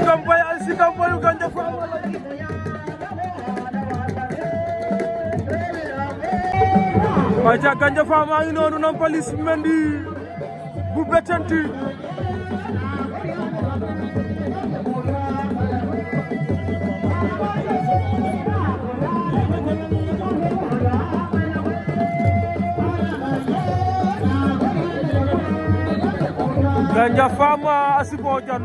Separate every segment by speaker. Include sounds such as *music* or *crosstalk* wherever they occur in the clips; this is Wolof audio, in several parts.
Speaker 1: Kampai, Alsi Kampai, Ganja Fama aja Ganja Fama ngi noonu Nampalys Mendy bu Bettenty Ganja Fama Asibojan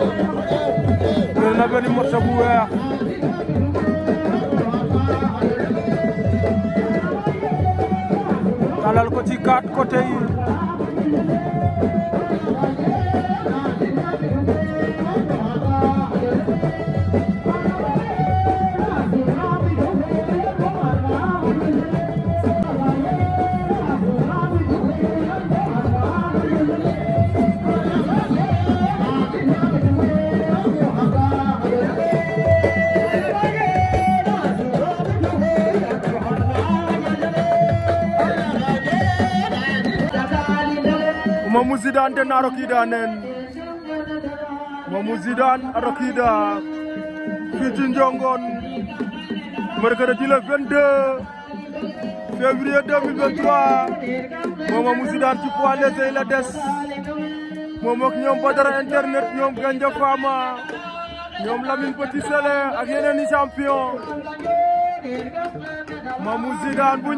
Speaker 1: jël na bu weex talal ko ci quatre côté yi Zidane den aro kidanen Mamu Zidane aro kida fii ci Ndiongone le 22 février 2023 moom Mamou Zidane ci poids la des moom Badara internet nyom Ganja Fama nyom lamin Petit Sele ak yeneen champion Mamou Zidane bu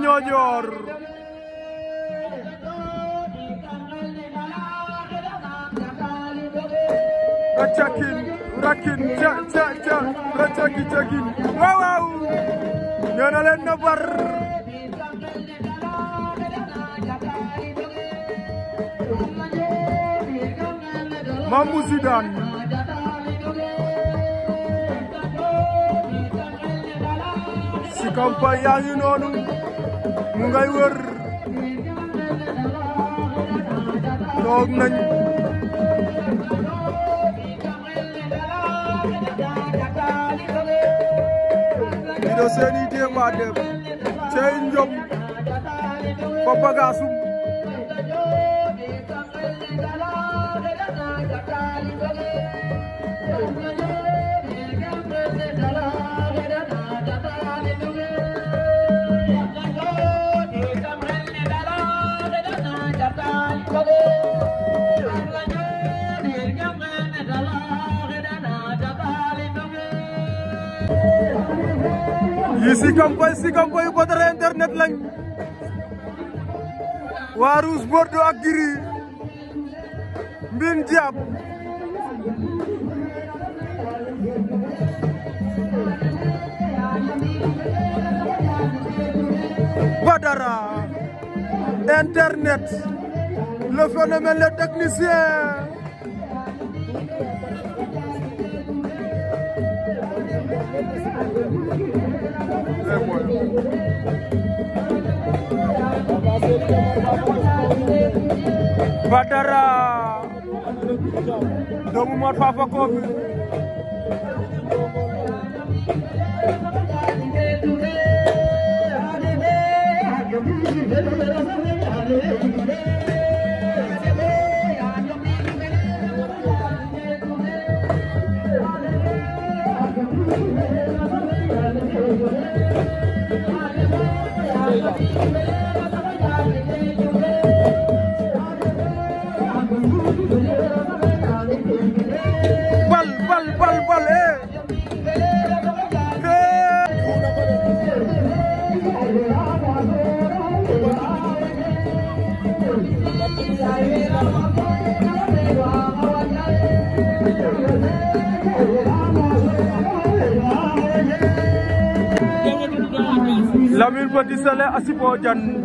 Speaker 1: racakin rakin ca ca ca racaki cakin waaw leen na bar Mamou Zidane si kaw yaa ngi noonu mu ngay wër toog nañ Seny Demba Déb Cey Ndiop fo bagage yi si kampoy si kampoy ba internet lañ waa Rouge Bordeaux ak Giri Mbine Diap Badara internet le phénomène le technicien Badara doomu Mor Fafa Kofi Lamine Petit Sélé Asipoo Diagne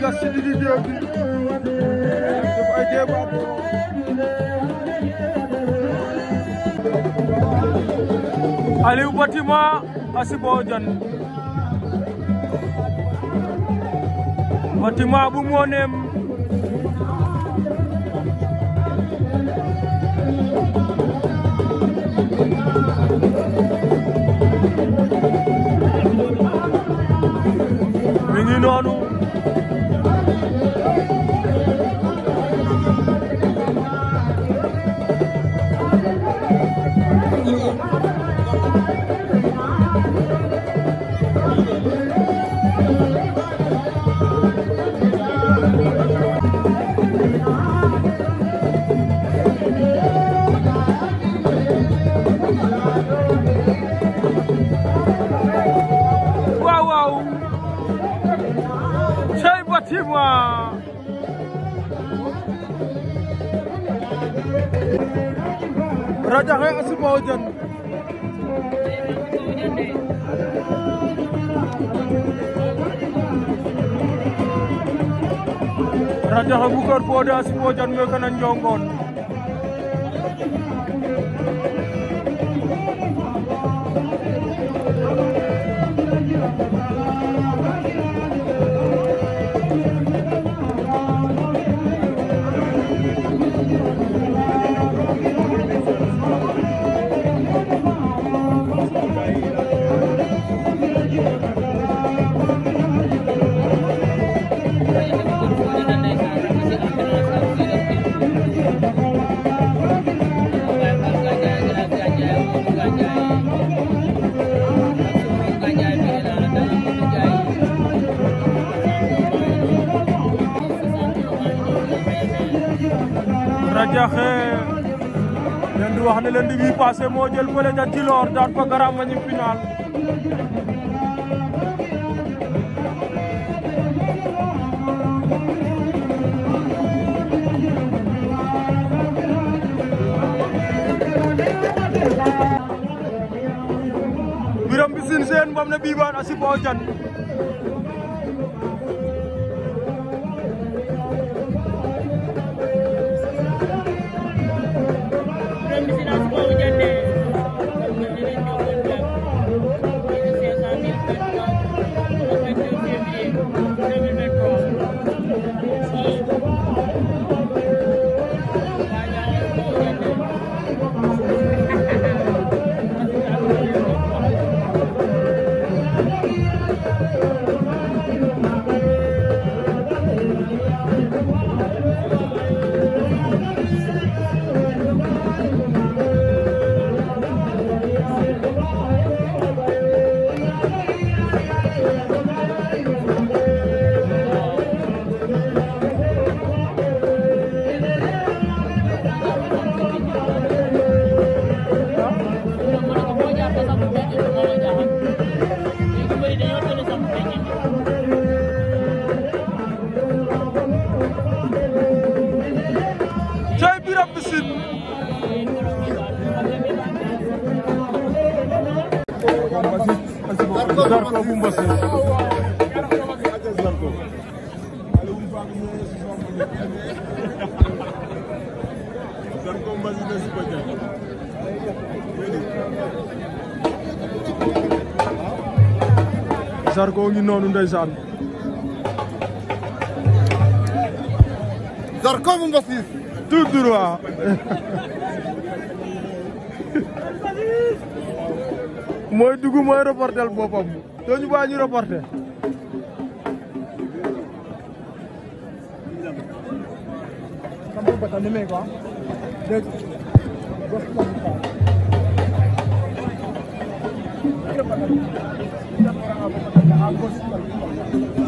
Speaker 1: gas ci digg géew bi def ay débat Aliou Batima Asiboo Jon Batima bu mooneem Dis-moi Rajaxe a sima o jan Rajaxe Boucar Fodé a sima o jan me Radiakhé leen di wax ne leen di bii passé moo jël fële ca Djilor daan ko garam final Biram Mbissine Sène moom ne bii baan Zarko bu Mbossé Zarko Mbossé ne si bëgg Zarko ngi noonu ndeysaan Zarko bu Mbossé tout droit *laughs* mooy dugg mooy reportel boppam dooñu baa ñu reporté Thank you.